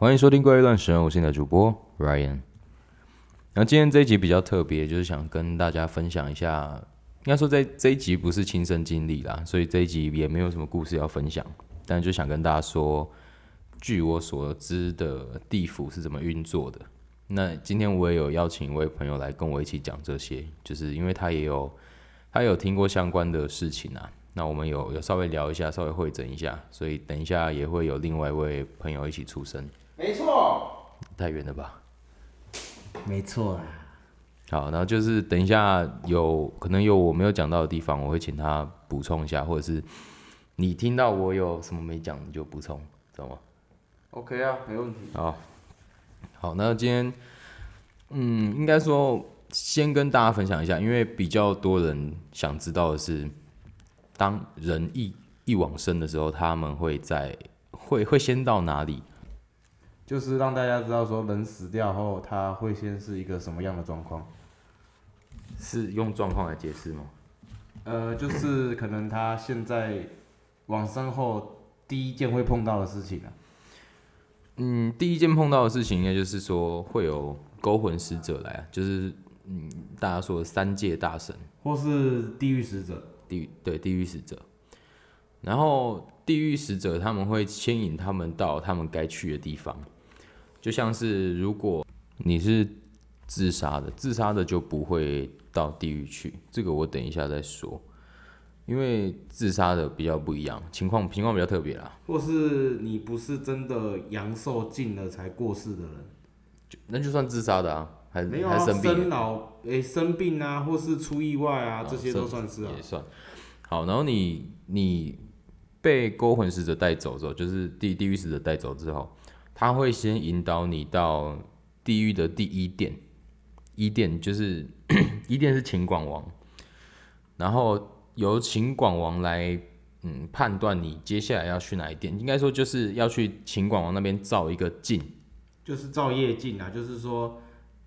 歡迎收聽《怪異亂神》，我是你的主播 Ryan。那今天這一集比較特別，就是想跟大家分享一下。應該說，這，在這一集不是親身經歷啦，所以這一集也沒有什麼故事要分享。但就想跟大家說，據我所知的地府是怎麼運作的。那今天我也有邀請一位朋友來跟我一起講這些，就是因為他也有他也有聽過相關的事情啊。那我們有有稍微聊一下，稍微彙整一下，所以等一下也會有另外一位朋友一起出聲。太遠了吧？沒錯啊。好，然後就是等一下有，有可能有我沒有講到的地方，我會請他補充一下，或者是你聽到我有什麼沒講，你就補充，知道嗎？OK 啊，沒問題。好，好，那今天，嗯，應該說先跟大家分享一下，因為比較多人想知道的是，當人一一往生的時候，他們會在會會先到哪裡？就是讓大家知道說人死掉後他會先是一個什麼樣的狀況，是用狀況來解釋嗎？呃，就是可能他現在往生後第一件會碰到的事情啊，嗯，第一件碰到的事情應該就是說會有勾魂使者來啊，就是嗯大家說三界大神或是地獄使者，地獄對地獄使者，然後地獄使者他們會牽引他們到他們該去的地方。就像是，如果你是自殺的，自殺的就不會到地獄去。這個我等一下再說，因為自殺的比較不一樣，情況情況比較特別啦。或是你不是真的陽壽盡了才過世的人，就那就算自殺的啊，還是、啊、還生病，生老哎、欸，生病啊，或是出意外啊，哦、這些都算是啊。也算。好，然後你你被勾魂使者帶走之後，就是地地獄使者帶走之後。他會先引導你到地獄的第一殿，一殿就是 一殿是秦廣王，然後由秦廣王來嗯判斷你接下來要去哪一殿，應該說就是要去秦廣王那邊照一個鏡，就是照業鏡啊，就是說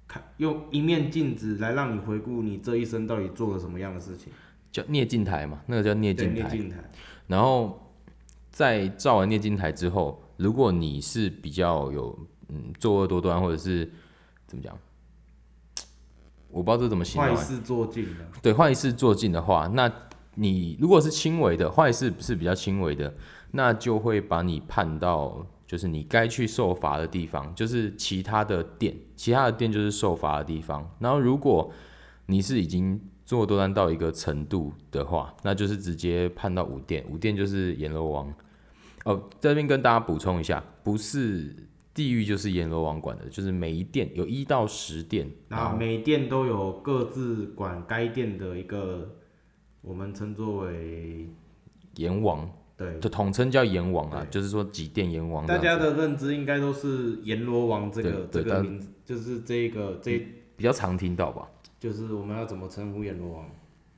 看用一面鏡子來讓你回顧你這一生到底做了什麼樣的事情，叫孽鏡台嘛，那個叫孽鏡台，台然後在照完孽鏡台之後。如果你是比較有嗯作惡多端，或者是怎麼講，我不知道這怎麼形容、欸。壞事做盡的。對，壞事做盡的話，那你如果是輕微的壞事，是比較輕微的，那就會把你判到，就是你該去受罰的地方，就是其他的殿，其他的殿就是受罰的地方。然後如果你是已經作惡多端到一個程度的話，那就是直接判到五殿，五殿就是閻羅王。哦，這邊跟大家補充一下，不是地獄就是閻羅王管的，就是每一殿有一到十殿，啊，每殿都有各自管該殿的一個，我們稱作為閻王，對，就統稱叫閻王啊，對就是說幾殿閻王。大家的認知應該都是閻羅王這個這個名字，他就是這個這比較常聽到吧？就是我們要怎麼稱呼閻羅王？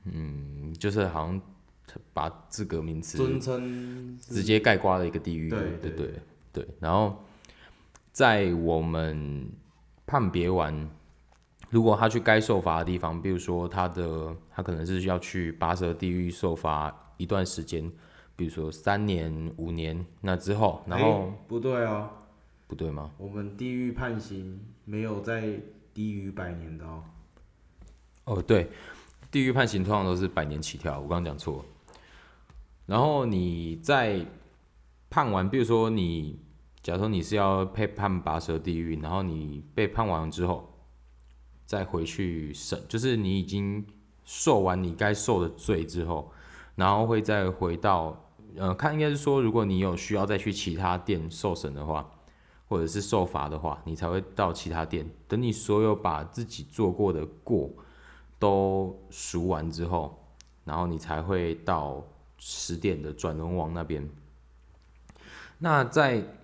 嗯，就是好像。把這個名詞直接蓋棺的一個地獄，對對對，然後在我們判別完，如果他去該受罰的地方，比如說他的他可能是要去拔舌地獄受罰一段時間，比如說三年五年，那之後，然後、欸，不對哦，不對嗎？我們地獄判刑沒有再低於百年的哦。哦對，地獄判刑通常都是百年起跳，我剛剛講錯了。然後你再判完，比如說你假如說你是要被判拔舌地獄，然後你被判完之後，再回去審，就是你已經受完你該受的罪之後，然後會再回到，呃，看應該是說，如果你有需要再去其他殿受審的話，或者是受罰的話，你才會到其他殿，等你所有把自己做過的過都贖完之後，然後你才會到十殿的轉輪王那邊，那在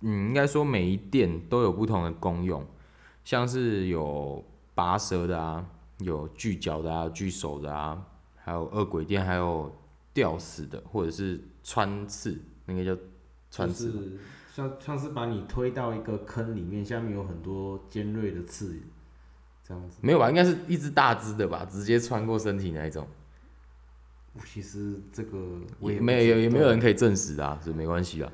嗯，應該說每一殿都有不同的功用，像是有拔舌的啊，有鋸腳的啊，鋸手的啊，還有惡鬼殿，還有弔死的，或者是穿刺，那個叫穿刺像，像像是把你推到一個坑裡面，下面有很多尖銳的刺，這樣子沒有吧？應該是一只大只的吧，直接穿過身體那一種。其實這個也，也沒有，也沒有人可以證實的啊，所以沒關係啊。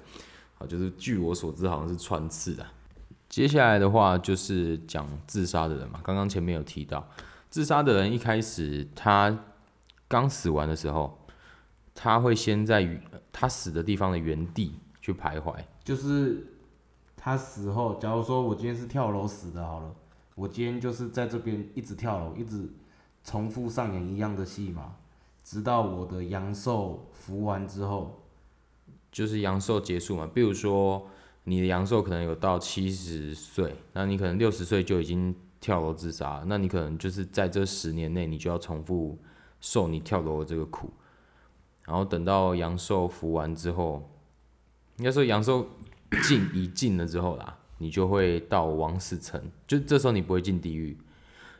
好，就是據我所知，好像是穿刺的啊。嗯，接下來的話就是講自殺的人嘛，剛剛前面有提到，自殺的人一開始他剛死完的時候，他會先在他死的地方的原地去徘徊，就是他死後，假如說我今天是跳樓死的，好了，我今天就是在這邊一直跳樓，一直重複上演一樣的戲嘛。直到我的陽壽服完之後，就是陽壽結束嘛。比如說你的陽壽可能有到七十歲，那你可能六十歲就已經跳樓自殺，那你可能就是在這十年內，你就要重複受你跳樓的這個苦。然後等到陽壽服完之後，應該說陽壽盡一盡了之後啦，你就會到枉死城，就這時候你不會進地獄。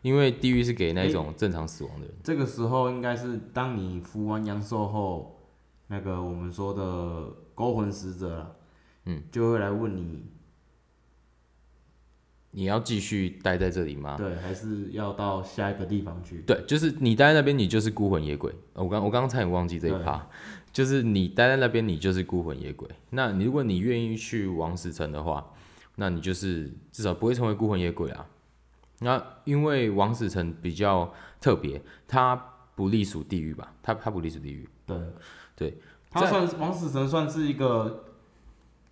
因為地獄是給那種正常死亡的人。欸、這個時候應該是當你服完陽壽後，那個我們說的勾魂使者，嗯，就會來問你，你要繼續待在這裡嗎？對，還是要到下一個地方去？對，就是你待在那邊，你就是孤魂野鬼。我剛我剛剛差點忘記這一趴，對就是你待在那邊，你就是孤魂野鬼。那你如果你願意去枉死城的話，那你就是至少不會成為孤魂野鬼啊。那、啊、因為枉死城比較特別，他不隸屬地獄吧？他他不隸屬地獄。對對，對他算在枉死城算是一個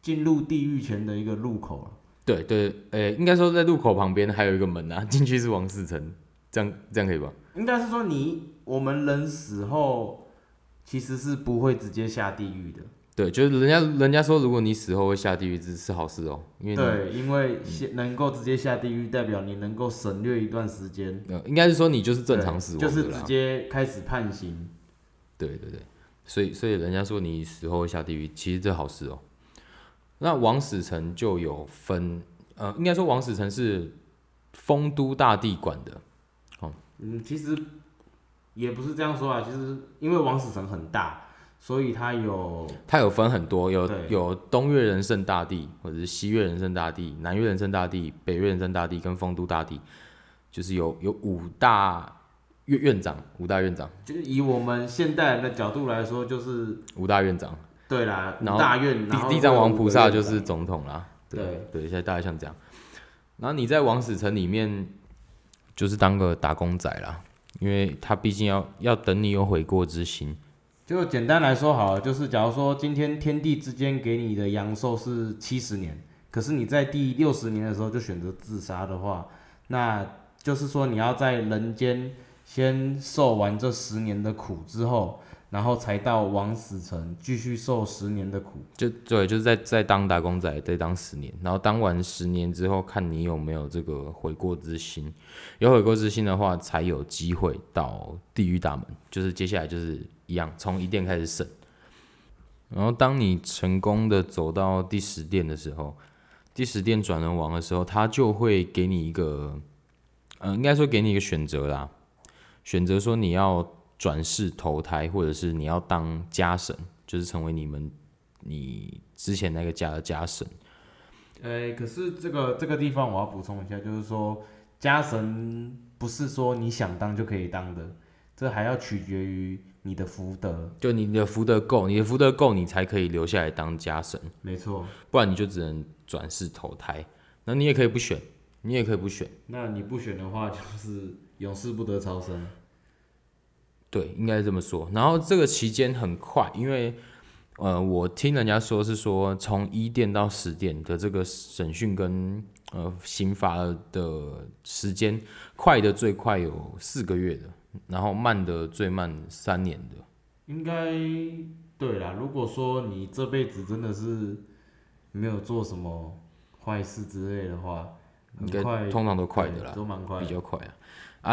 進入地獄前的一個入口對對，誒、欸，應該說在入口旁邊還有一個門啊，進去是枉死城，這樣這樣可以吧？應該是說你我們人死後其實是不會直接下地獄的。對，就是人家，人家說如果你死後會下地獄，是是好事喔，因為對，因為能夠直接下地獄，代表你能夠省略一段時間。嗯，應該是說你就是正常死亡，就是直接開始判刑。對對對，所以所以人家說你死後會下地獄，其實這好事喔。那枉死城就有分，呃，應該說枉死城是酆都大帝管的。嗯，其實也不是這樣說啊，其實，就是因為枉死城很大。所以他有，他有分很多，有對有東嶽仁聖大帝，或者是西嶽仁聖大帝、南嶽仁聖大帝、北嶽仁聖大帝跟酆都大帝，就是有有五大院院長，五大院長，就是以我們現代人的角度來說，就是五大院長，對啦，五後大院，院地地藏王菩薩就是總統啦，對對，現在大概像這樣。然後你在枉死城裡面，就是當個打工仔啦，因為他畢竟要要等你有悔過之心。就簡單來說好了，就是假如說今天天地之間給你的陽壽是七十年，可是你在第六十年的時候就選擇自殺的話，那就是說你要在人間先受完這十年的苦之後，然後才到枉死城繼續受十年的苦。就對，就是在在當打工仔再當十年，然後當完十年之後，看你有沒有這個悔過之心，有悔過之心的話，才有機會到地獄大門，就是接下來就是。一樣，從一殿開始審，然後當你成功的走到第十殿的時候，第十殿轉輪王的時候，他就會給你一個，呃，應該說給你一個選擇啦，選擇說你要轉世投胎，或者是你要當家神，就是成為你們你之前那個家的家神。欸，可是這個這個地方我要補充一下，就是說家神不是說你想當就可以當的，這還要取決於。你的福德，就你的福德夠，你的福德夠，你才可以留下來當家神。沒錯錯，不然你就只能轉世投胎。那你也可以不選，你也可以不選。那你不選的話，就是永世不得超生。對，應該這麼說。然後這個期間很快，因為呃，我聽人家說是說，從一點到十點的這個審訊跟呃刑罰的時間，快的最快有四個月的。然後慢的最慢三年的，應該對啦。如果說你這輩子真的是沒有做什麼壞事之類的話，應該通常都快的啦，都蠻快的，比較快啊。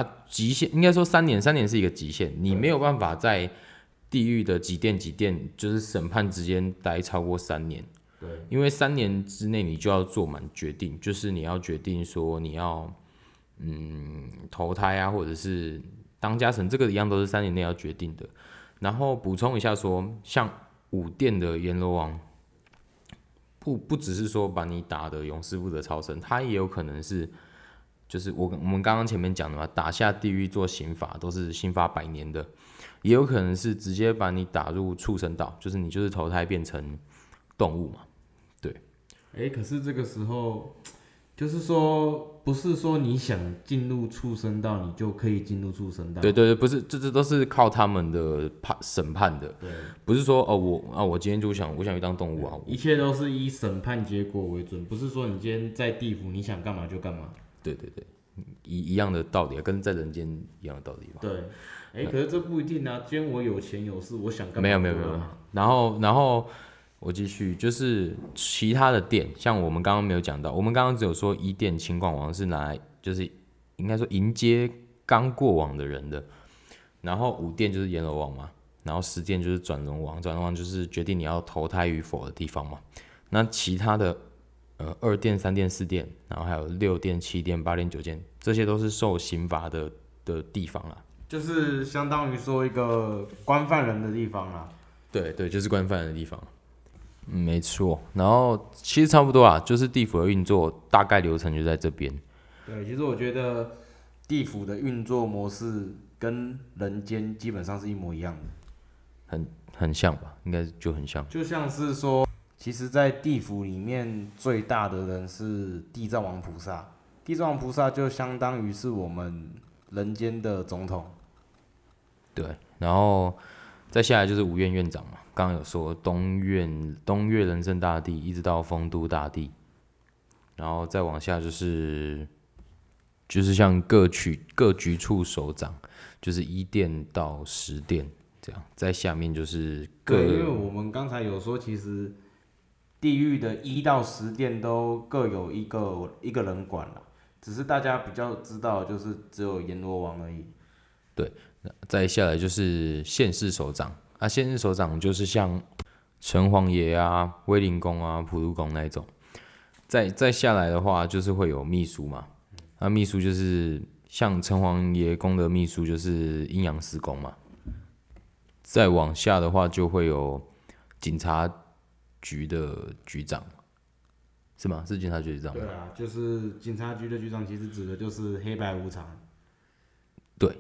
啊，極限應該說三年，三年是一個極限，對你沒有辦法在地獄的幾殿幾殿，就是審判之間待超過三年。對，因為三年之內你就要做滿決定，就是你要決定說你要嗯投胎啊，或者是。當家神這個一樣都是三年內要決定的，然後補充一下說，像五殿的閻羅王，不不只是說把你打得永世不得超生，他也有可能是，就是我我們剛剛前面講的嘛，打下地獄做刑法都是刑法百年的，也有可能是直接把你打入畜生道，就是你就是投胎變成動物嘛，對。哎、欸，可是這個時候。就是說，不是說你想進入畜生道，你就可以進入畜生道。對對對，不是，這這都是靠他們的判審判的。對，不是說哦，我啊、哦，我今天就想，我想去當動物啊。一切都是以審判結果為準，不是說你今天在地府你想幹嘛就幹嘛。對對對，一一樣的道理，跟在人間一樣的道理吧。對，哎，可是這不一定啊。今天我有錢有勢，我想幹嘛、嗯沒？沒有沒有沒有。然後然後。我繼續，就是其他的殿，像我們剛剛沒有講到，我們剛剛只有說一殿秦廣王是拿來，就是應該說迎接剛過往的人的，然後五殿就是閻羅王嘛，然後十殿就是轉輪王，轉輪王就是決定你要投胎與否的地方嘛。那其他的，呃，二殿、三殿、四殿，然後還有六殿、七殿、八殿、九殿，這些都是受刑罰的的地方啦，就是相當於說一個關犯人的地方啦。對對，就是關犯人的地方。嗯，沒錯，然後其實差不多啊，就是地府的運作大概流程就在這邊。對，其實我覺得地府的運作模式跟人間基本上是一模一樣的，很很像吧？應該就很像。就像是說，其實，在地府裡面最大的人是地藏王菩薩，地藏王菩薩就相當於是我們人間的總統。對，然後再下來就是五院院長嘛。剛剛有說東岳東岳仁聖大帝，一直到酆都大帝，然後再往下就是，就是像各區各局處首長，就是一殿到十殿這樣，在下面就是各，對，因為我們剛才有說，其實地獄的一到十殿都各有一個一個人管了，只是大家比較知道，就是只有閻羅王而已。對，再下來就是縣市首長。啊，現任首長就是像城隍爺啊、威靈公啊、普渡公那種，再再下來的話就是會有秘書嘛。那、啊、秘書就是像城隍爺公的秘書就是陰陽司公嘛。再往下的話就會有警察局的局長，是嗎？是警察局局長嗎？對啊，就是警察局的局長，其實指的就是黑白無常。對。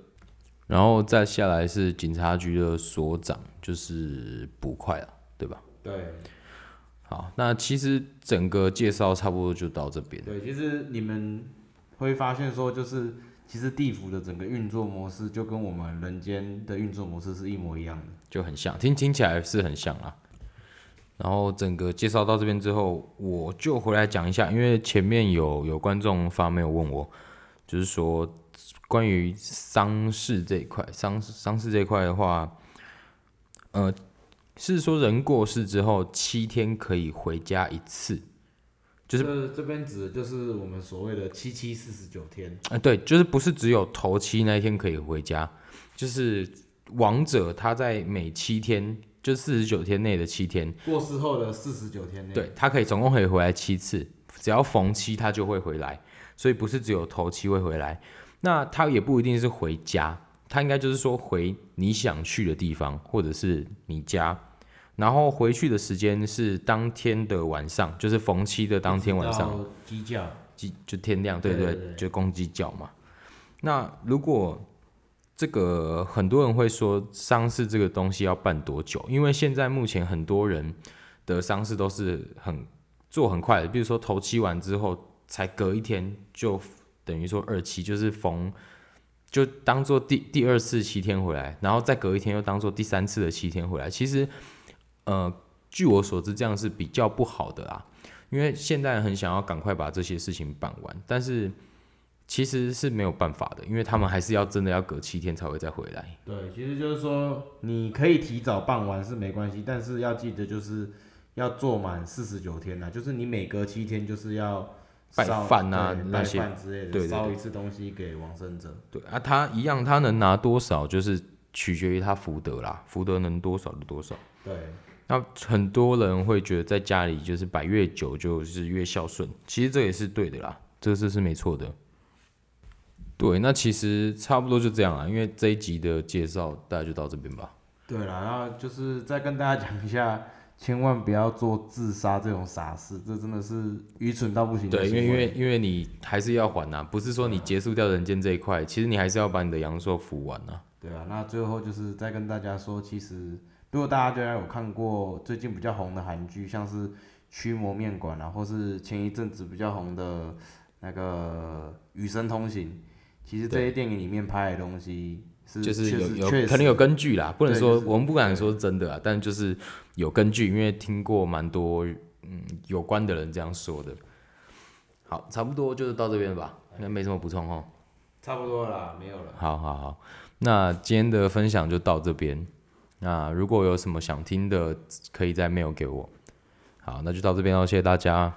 然後再下來是警察局的所長，就是捕快了，對吧？對。好，那其實整個介紹差不多就到這邊。對，其實你們會發現說，就是其實地府的整個運作模式就跟我們人間的運作模式是一模一樣的，就很像，聽聽起來是很像啊。然後整個介紹到這邊之後，我就回來講一下，因為前面有有觀眾發沒有問我，就是說。關於喪事這一塊，喪事喪事這塊的話，呃，是說人過世之後七天可以回家一次，就是這，這邊指的就是我們所謂的七七四十九天啊、呃，對，就是不是只有頭七那一天可以回家，就是亡者他在每七天就四十九天內的七天過世後的四十九天內，對，他可以總共可以回來七次，只要逢七他就會回來，所以不是只有頭七會回來。那他也不一定是回家，他應該就是說回你想去的地方，或者是你家，然後回去的時間是當天的晚上，就是逢七的當天晚上。雞叫，雞就天亮，對對，對，對，就公雞叫嘛。那如果這個很多人會說喪事這個東西要辦多久？因為現在目前很多人的喪事都是很做很快的，比如說頭七完之後，才隔一天就。等於說二期就是逢，就當做第第二次七天回來，然後再隔一天又當做第三次的七天回來。其實，呃，據我所知，這樣是比較不好的啦，因為現在很想要趕快把這些事情辦完，但是其實是沒有辦法的，因為他們還是要真的要隔七天才會再回來。對，其實就是說你可以提早辦完是沒關係，但是要記得就是要做滿四十九天吶，就是你每隔七天就是要。拜飯啊，對那些對，對，對，燒一次東西給往生者。對啊，他一樣，他能拿多少，就是取決於他福德啦。福德能多少就多少。對，那很多人會覺得在家裡就是擺越久就是越孝順，其實這也是對的啦，這個是是沒錯的。對，那其實差不多就這樣啦。因為這一集的介紹，大家就到這邊吧。對啦，然後就是再跟大家講一下。千萬不要做自殺這種傻事，這真的是愚蠢到不行，行。對，因為因為因為你還是要還吶、啊，不是說你結束掉人間這一塊，啊、其實你還是要把你的陽壽服完吶、啊。對啊，那最後就是再跟大家說，其實如果大家有看過最近比較紅的韓劇，像是《驅魔面館》啊，或是前一陣子比較紅的那個《與神同行》，其實這些電影裡面拍的東西。是就是有實有可能有根據啦，實不能說、就是、我們不敢說是真的啊，對 但就是有根據，因為聽過蠻多嗯有關的人這樣說的。好，差不多就是到這邊吧，應該沒什麼補充哦，差不多啦，沒有了。好，好，好，那今天的分享就到這邊。那如果有什麼想聽的，可以再 mail 給我。好，那就到這邊，哦。謝謝大家。